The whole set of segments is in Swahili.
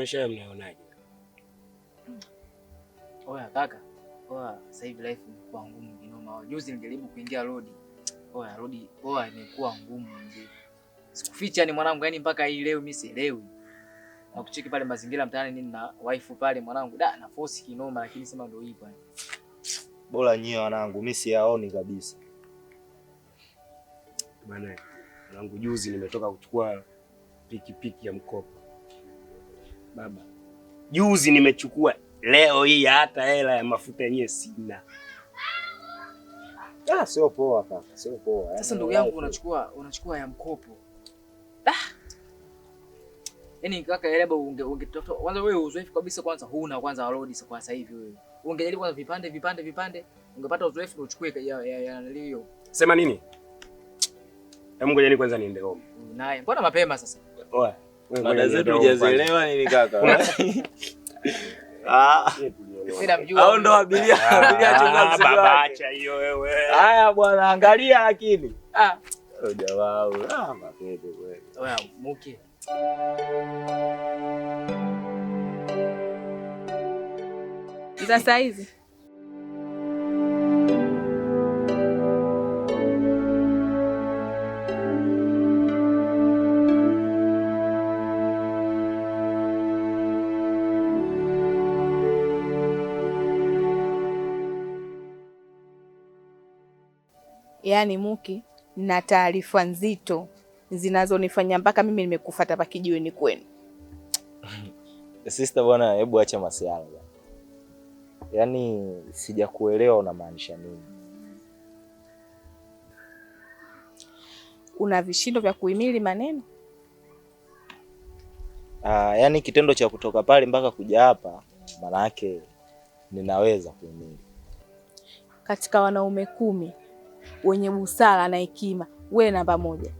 maisha haya mnayonaje? Oya kaka, oya sasa hivi life imekuwa ngumu kinoma. Juzi nilijaribu kuingia rodi, oya rodi, oya imekuwa ngumu nje. Sikuficha ni mwanangu, yani mpaka hii leo mimi sielewi. Na kucheki pale mazingira mtaani nini na wife pale mwanangu, da na force kinoma, lakini sema ndio hivyo. Bora nyie wanangu, mimi siyaoni kabisa. Bwana, mwanangu juzi nimetoka kuchukua pikipiki ya mkopo Baba, juzi nimechukua, leo hii hata hela ya mafuta yenyewe sina. Ah, sio poa kaka, sio poa. Yaani sasa ndugu yangu unachukua unachukua ya mkopo. Ah. Yaani kaka yaani leba unge ungetafuta kwanza wewe uzoefu kabisa kwanza huna kwanza wa road kwa sasa hivi wewe. Ungejaribu kwanza vipande vipande vipande ungepata uzoefu na uchukue ya ya hiyo. Sema nini? Hebu ngojeni kwanza niende home. Naye. Mbona mapema sasa? Oa mada zetu hujazielewa nini kaka? Eh? Ah. Au ndo abiria ah, ah, haya bwana, angalia lakini za saizi yaani Muki, na taarifa nzito zinazonifanya mpaka mimi nimekufuata hapa kijiweni kwenu. Sister bwana, hebu acha masiala bwana. Yaani sijakuelewa unamaanisha nini? Una vishindo vya kuhimili maneno? Aa, ah, yaani kitendo cha kutoka pale mpaka kuja hapa maana yake ninaweza kuhimili. Katika wanaume kumi wenye busara na hekima, wewe namba moja.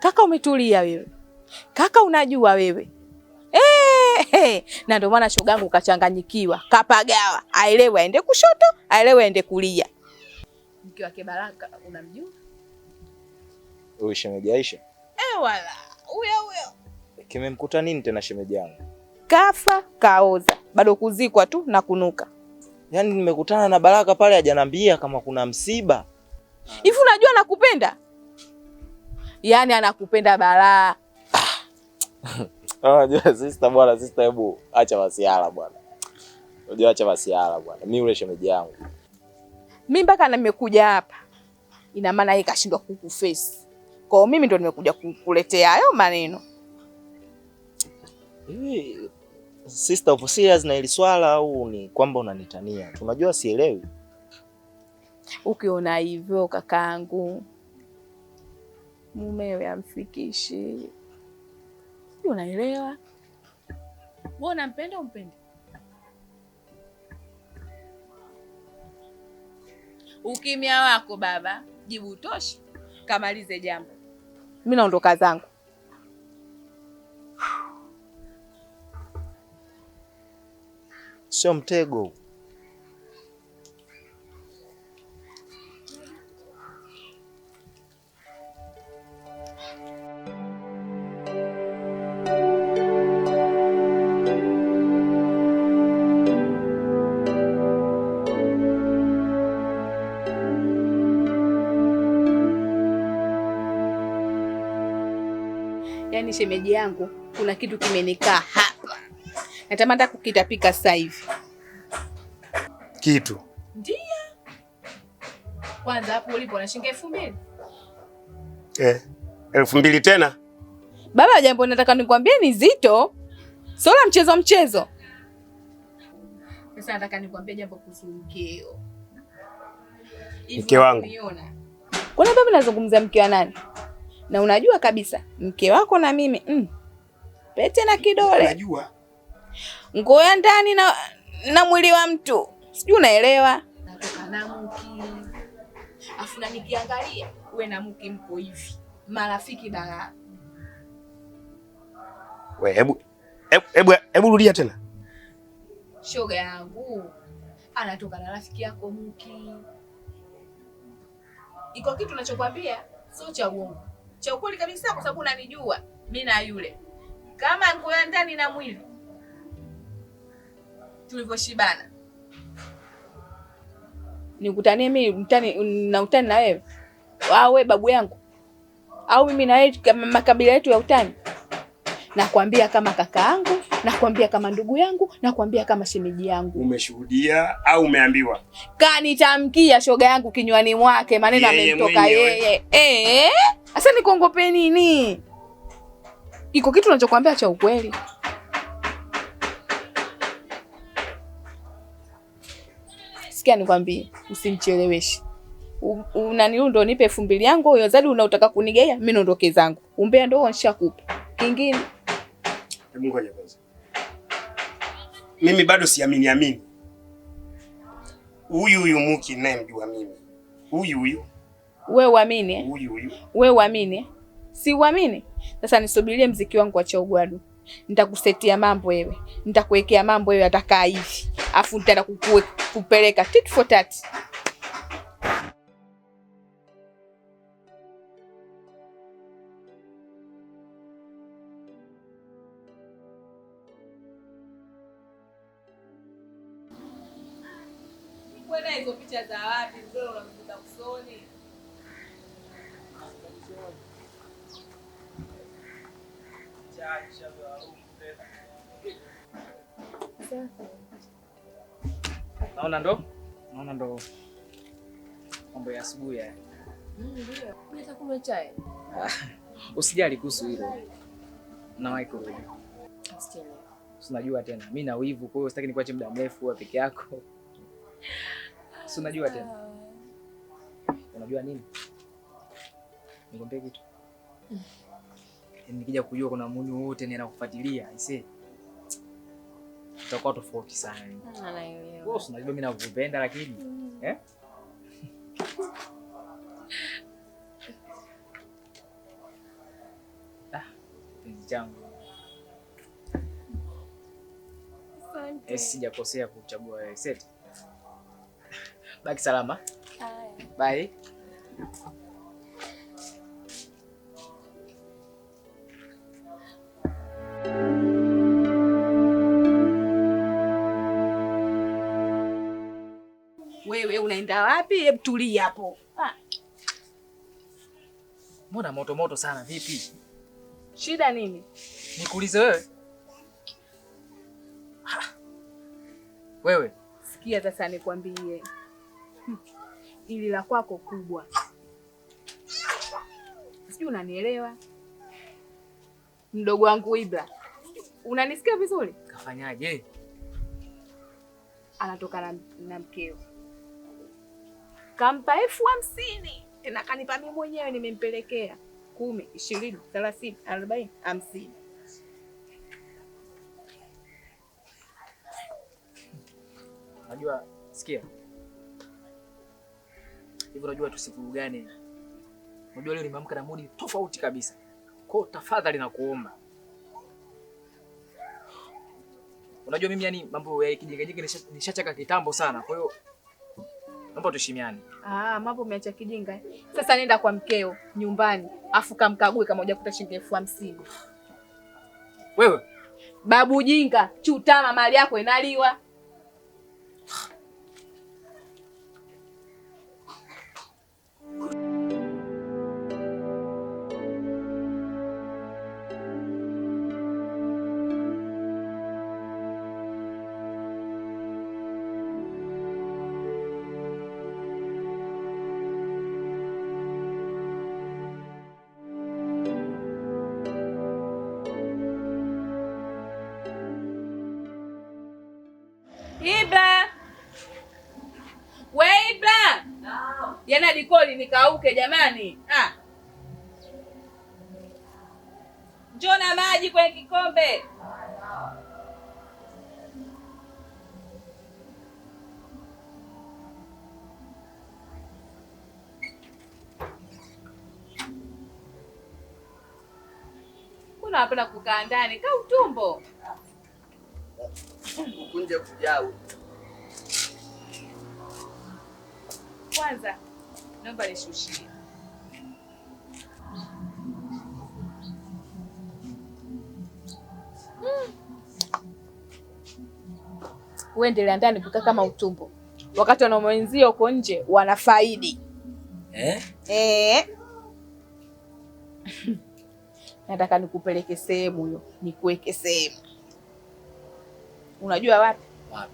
Kaka umetulia wewe, kaka unajua wewe Hey, na ndio maana shogangu kachanganyikiwa, kapagawa, aelewe aende kushoto, aelewe aende kulia. Mke wake Baraka unamjua huyu shemeji Aisha? Eh, wala huyo huyo. Kimemkuta nini tena shemeji yangu? Kafa kaoza, bado kuzikwa tu na kunuka. Yaani nimekutana na Baraka pale hajanambia kama kuna msiba. Hivi unajua nakupenda Yaani anakupenda baraa ah. Unajua ah, sister bwana, sister hebu acha masiala bwana. Unajua acha masiala bwana. Mimi ule shemeji yangu. Mimi mpaka nimekuja hapa. Ina maana yeye kashindwa kukuface. Kwa hiyo mimi ndo nimekuja kukuletea hayo maneno sister of serious na ile swala au ni kwamba unanitania? Unajua sielewi. Ukiona hivyo kakaangu, mumewe amfikishi, unaelewa. Wewe unampenda umpende? Ukimya wako baba, jibu toshi, kamalize jambo. Mimi naondoka zangu. sio mtego. Yaani shemeji yangu kuna kitu kimenikaa hapa, natamani kukitapika sasa hivi kitu. Ndio. Kwanza hapo ulipo na shilingi elfu mbili. Eh, elfu mbili tena? Baba, jambo nataka nikwambie ni zito, sio la mchezo mchezo. Sasa nataka nikwambie jambo kuhusu mkeo. Mke wangu. Kuna baba, nazungumza mke wa nani? Na unajua kabisa mke wako na mimi mm. Pete na kidole, unajua nguo ya ndani na, na mwili wa mtu sijui unaelewa. Natoka na mki, afu na nikiangalia uwe na mki mko hivi marafiki bara. We, hebu hebu hebu rudia tena. Shoga yangu anatoka na rafiki yako mki. Iko kitu nachokwambia sio cha uongo, cha ukweli kabisa, kwa sababu unanijua mimi na yule kama ya ndani na mwili tulivyoshibana nikutanie mimi mtani na utani na wewe au ah, wewe babu yangu au mimi na wewe makabila yetu ya utani? Nakwambia kama kaka yangu, nakwambia kama ndugu yangu, nakwambia kama shemeji yangu. Umeshuhudia au umeambiwa? Kanitamkia shoga yangu kinywani mwake, maneno amemtoka yeye. Eh, sasa eh? nikuongopeni nini? Iko kitu unachokwambia cha ukweli? Sikia nikwambie, usimcheleweshe. Unanilu ndo nipe elfu mbili yangu huyo zadi unaotaka kunigeia mi nondoke zangu. Umbea ndo nishakupa. Kingine. Mimi bado siamini amini. Huyu huyu Muki mjua mimi. Huyu huyu. we uamini? Eh? Huyu huyu. uamini? Si uamini? Sasa nisubirie mziki wangu wa chaugwadu nitakusetia mambo wewe, nitakuwekea mambo wewe, atakaa hivi afu nitaenda kukupeleka tit for tat. Naona ndo naona ndo mambo ya asubuhi chai. Ah, usijali kuhusu hilo, nawahi kurudi. Sinajua tena mimi na wivu, kwa hiyo sitaki nikuache muda mrefu wa peke yako. sinajua tena, unajua nini, nigombee kitu nikija kujua kuna mtu wote ni anakufuatilia aisee, tutakuwa tofauti sana. Bosi, unajua mimi nakupenda lakini mm. eh? Ah, penzi changu eh, sijakosea kuchagua wewe. Seti, baki salama. Bye. Bye. unaenda wapi? Hebu tulia hapo. Ah. Mbona moto moto sana vipi? Shida nini? Nikuulize wewe. Ah. Wewe sikia sasa, nikwambie hm. Ili la kwako kubwa, sijui unanielewa mdogo wangu Ibra, unanisikia vizuri? Kafanyaje? Anatoka na, na mkeo kampa elfu hamsini tena kanipa mimi mwenyewe, nimempelekea kumi, ishirini, thelathini, arobaini, hamsini. Unajua, sikia hivyo, unajua tusivurugane. Unajua leo nimeamka na mudi tofauti kabisa, kwa tafadhali nakuomba. Unajua mimi yani mambo ya kijengejenge nishachaka kitambo sana, kwa hiyo Naomba tuheshimiane. Ah, mambo umeacha kijinga. Sasa nenda kwa mkeo nyumbani, afu kamkague kama hujakuta shilingi elfu hamsini. Wewe babu jinga, chutama, mali yako inaliwa. koli nikauke jamani. Ah, njoo na maji kwenye kikombe. Kuna hapana kukaa ndani ka utumbo kunje kujau kwanza naomba nishushie. Uendelea ndani kukaa kama utumbo, wakati wanaume wenzio uko nje wanafaidi eh? Eh. Nataka nikupeleke sehemu hiyo, nikuweke sehemu. Unajua wapi? Wapi?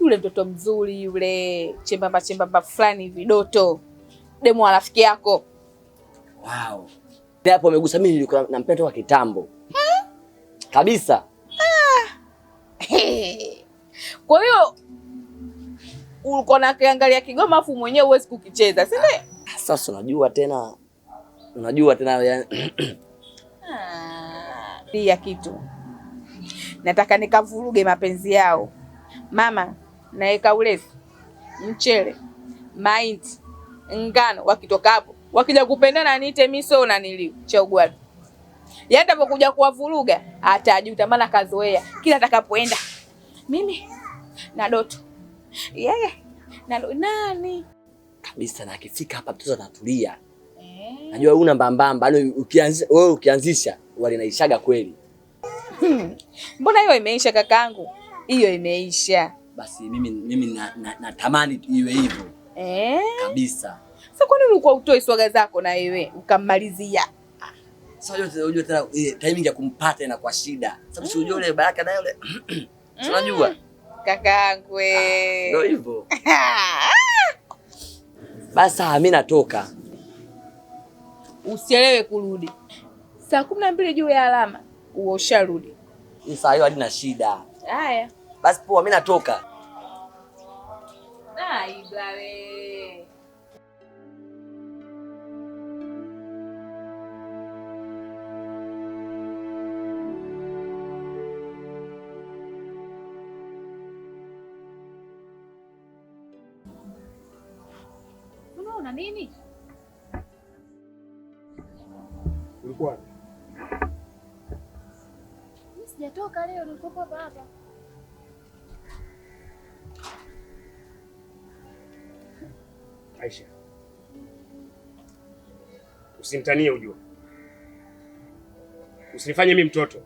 Yule mtoto mzuri yule chembamba chembamba fulani vidoto Doto demu wa rafiki yako. Wow. Hapo amegusa mimi nilikuwa nampenda toka kitambo. Hmm? Kabisa. Ah. Kwa hiyo ulikuwa nakiangalia Kigoma afu mwenyewe huwezi kukicheza, si ndio? Sasa unajua tena unajua tena ya ah, pia kitu nataka nikavuruge mapenzi yao. Mama, naweka ulezi, mchele, mahindi ngano, wakitoka hapo wakija kupendana niite miso na nili cha yenda yaani pokuja kuwavuruga atajuta, maana kazoea kila atakapoenda mimi na Doto yeye na nani kabisa, na akifika hapa mtoto anatulia eh. Najua una mbambamba, yani ukianzisha wewe ukianzisha wale naishaga kweli. Hmm. Mbona hiyo imeisha kakangu, hiyo imeisha basi. Mimi, mimi natamani na, na iwe hivyo eh, kabisa. Sasa kwa nini ulikuwa utoi swaga zako na wewe ukamalizia? Sasa unajua unajua tena eh, timing ya kumpata inakuwa shida, sababu unajua yule Baraka na yule unajua mm. kakaangu wewe, ah, ndio hivyo Basa Mimi natoka, usielewe kurudi saa kumi na mbili juu ya alama, uwe Ni saa hiyo hadi na shida. Haya basi, poa, mimi natoka. Aidwa we unaona nini? Ulikuwa? Sijatoka leo, nilikuwa hapa hapa. Aisha, usimtanie ujua, usinifanye mimi mtoto.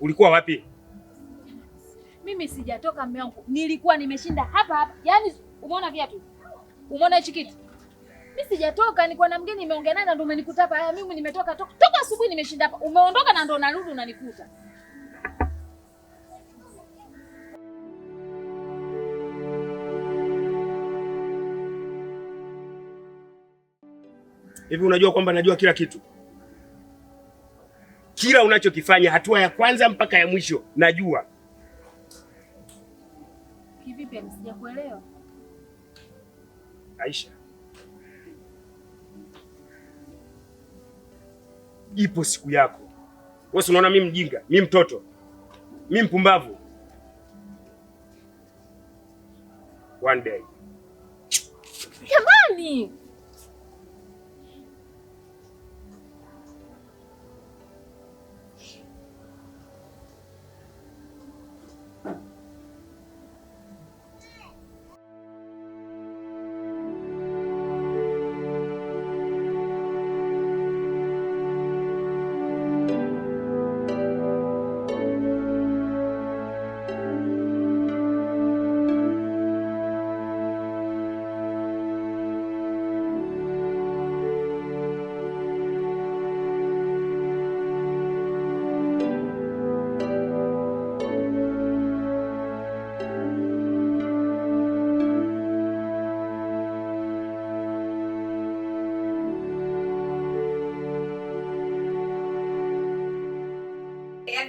Ulikuwa wapi? Mimi sijatoka mume wangu, nilikuwa nimeshinda hapa hapa. Yaani umeona viatu, umeona hichi kitu, mimi sijatoka, nilikuwa na mgeni, nimeongea naye na ndio umenikuta hapa. Haya, mimi nimetoka toka asubuhi, nimeshinda hapa. Umeondoka na ndio narudi unanikuta Hivi unajua kwamba najua kila kitu, kila unachokifanya, hatua ya kwanza mpaka ya mwisho najua. Kivipi? Sijakuelewa Aisha. Ipo siku yako. Wewe unaona mimi mjinga, mimi mtoto, mimi mpumbavu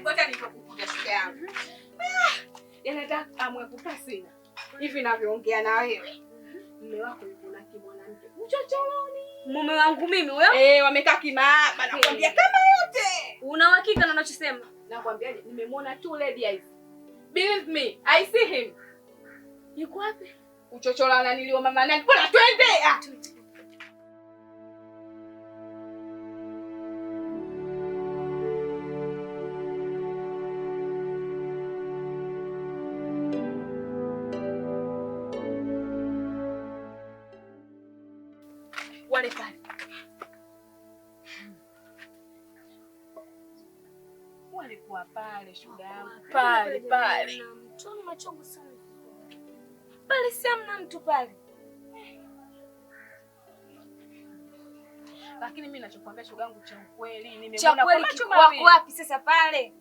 ngoja nitakukuja shida yangu. Ah, Yanataka amwepuka sina. Hivi ninavyoongea na wewe. Mume wako yuko na kimwanamke. Uchochoroni. Mume wangu mimi huyo? Eh, wamekaa kimaaba nakwambia eh. kama yote. Una uhakika na unachosema? Nakwambia nimemwona tu lady eyes. Believe me, I see him. Yuko wapi? Uchochorana niliwa mama nani? Bora twende. Ah. shuda yangu yaani pale pale yaani pale, si amna mtu pale. Lakini mimi nachokwambia shuga yangu cha ukweli, nimeona kwa wapi sasa pale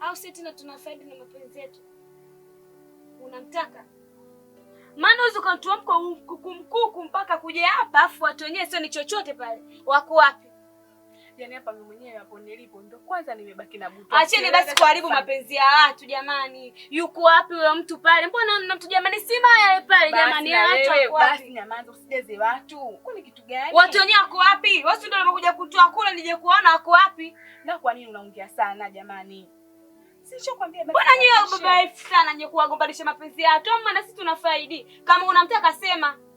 au sisi tena tunafaidi na mapenzi yetu? Unamtaka maana uzi ukamtua mko kumkuku mpaka kuja hapa, afu watu wenyewe sio ni chochote pale, wako wapi? yani hapa mimi mwenyewe hapo nilipo ndio kwanza nimebaki na buto. Acheni basi kuharibu mapenzi ya watu jamani. Yuko wapi yule mtu pale? Mbona mna mtu jamani, si maya pale jamani, acha basi nyamaza, usijeze watu. Kuna kitu gani? Watu wenyewe wako wapi? Wao ndio wamekuja kutoa kula nije kuona wako wapi. Na kwa nini unaongea sana jamani? Sishakwambia Mbona nyewe baba sana nyewe kuwagombanisha mapenzi ya watu? Maana sisi tunafaidi. Kama unamtaka sema